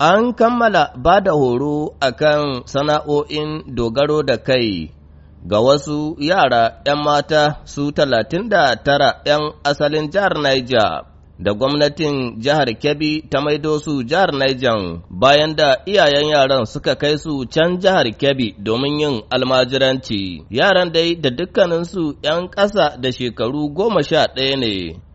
An kammala ba da horo a kan sana'o'in dogaro da kai ga wasu yara ‘yan mata su talatin da tara ‘yan asalin jihar Niger da gwamnatin jihar Kebbi ta maido su jihar Niger bayan da iyayen yaran suka kai su can jihar Kebbi domin yin almajiranci. Yaran dai da dukkaninsu ‘yan ƙasa da shekaru goma sha ɗaya ne.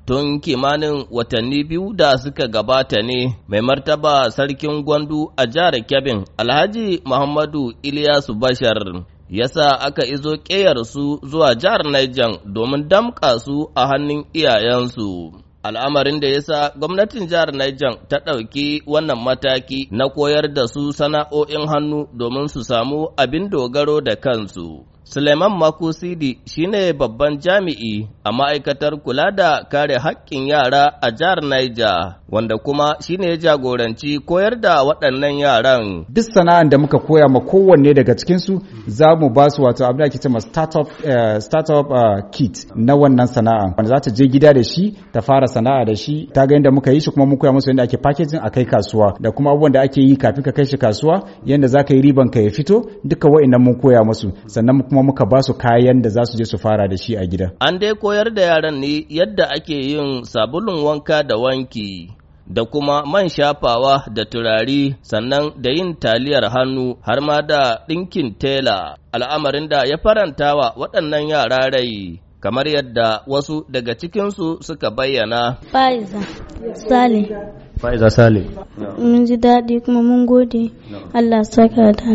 tun kimanin watanni biyu da suka gabata ne mai martaba sarkin gwandu a jihar Kebin Alhaji Muhammadu Iliyasu Bashar ya sa aka izo su zuwa jihar Niger domin damƙa su a hannun iyayensu. Al'amarin da ya sa gwamnatin jihar Niger ta ɗauki wannan mataki na koyar da su sana'o'in hannu domin su samu abin dogaro da kansu. Suleiman Makusidi shine babban jami'i a ma'aikatar kula da kare haƙƙin yara a jihar Naija, wanda kuma shine ya jagoranci koyar da waɗannan yaran. Duk sana'an da muka koya ma kowanne daga cikinsu za mu ba su wato abin da ake cewa startup, eh, startup eh, kit na wannan sana'a wanda za ta je gida da shi ta fara sana'a da shi ta ga yadda muka yi shi kuma mun koya musu yadda ake packaging a kai kasuwa da kuma abubuwan da ake yi kafin ka kai shi kasuwa yadda za ka yi riban ka ya fito duka wa'annan mun koya musu sannan kuma muka ba su kayan da za su je su fara da shi a gida. An dai koyar da yaran ne yadda ake yin sabulun wanka da wanki. da kuma man shafawa da turari sannan da yin taliyar hannu har ma da ɗinkin tela al'amarin da ya faranta wa waɗannan yara rai kamar yadda wasu daga cikinsu suka bayyana. Faiza Sale. Mun ji daɗi kuma mun gode Allah saka da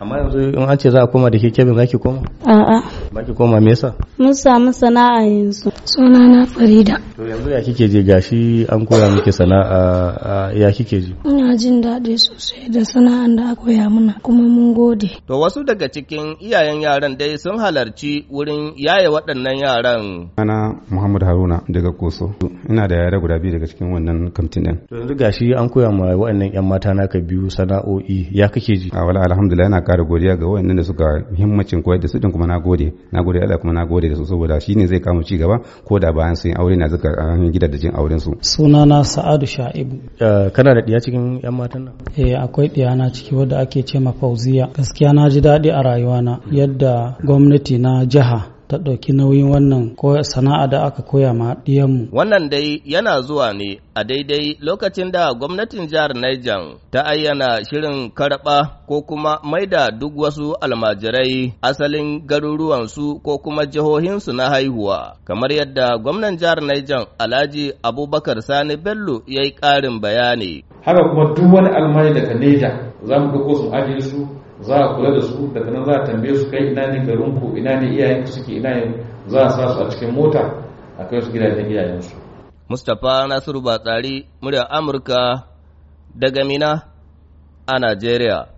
amma yanzu in an ce za a koma da ke kebin za ki koma a'a ba ki koma me yasa mun samu sana'a yanzu suna na farida to yanzu ya kike je gashi an koya miki sana'a ya kike ji ina jin daɗi sosai da sana'an da aka koya mana kuma mun gode to wasu daga cikin iyayen yaran dai sun halarci wurin yaye waɗannan yaran ana muhammad haruna daga koso ina da yara guda biyu daga cikin wannan kamtin din to yanzu gashi an koya ma waɗannan yan mata naka biyu sana'o'i ya kike ji a wala alhamdulillah ina ƙara godiya ga waɗannan da suka himmacin koyar da su din kuma na gode na gode Allah kuma na gode da su saboda shi ne zai kama ci gaba ko da bayan sun aure na zuka an gida da jin auren su sunana Sa'adu Sha'ibu eh, kana da diya cikin yan matan nan eh akwai ɗiya na ciki wadda ake ce ma Fauziya gaskiya na ji daɗi a rayuwa na yadda gwamnati na jiha ta ɗauki nauyin wannan sana'a da aka koya ma ɗiyanmu. Wannan dai yana zuwa ne a daidai lokacin da gwamnatin jihar Niger ta ayyana shirin karɓa ko kuma da duk wasu almajirai asalin garuruwansu ko kuma jihohinsu na haihuwa. Kamar yadda gwamnan jihar Niger Alhaji Abubakar Sani Bello ya yi ƙarin bayani. Haka kuma duk wani almajiri daga Niger za mu ga ko su ajiye su za a kula da su daga nan za a tambaye su kai ina ne garinku ina ne iyayenku suke ina ne za a sa su a cikin mota a kai su gidajen iyayensu mustapha nasiru batsari murya amurka daga mina a najeriya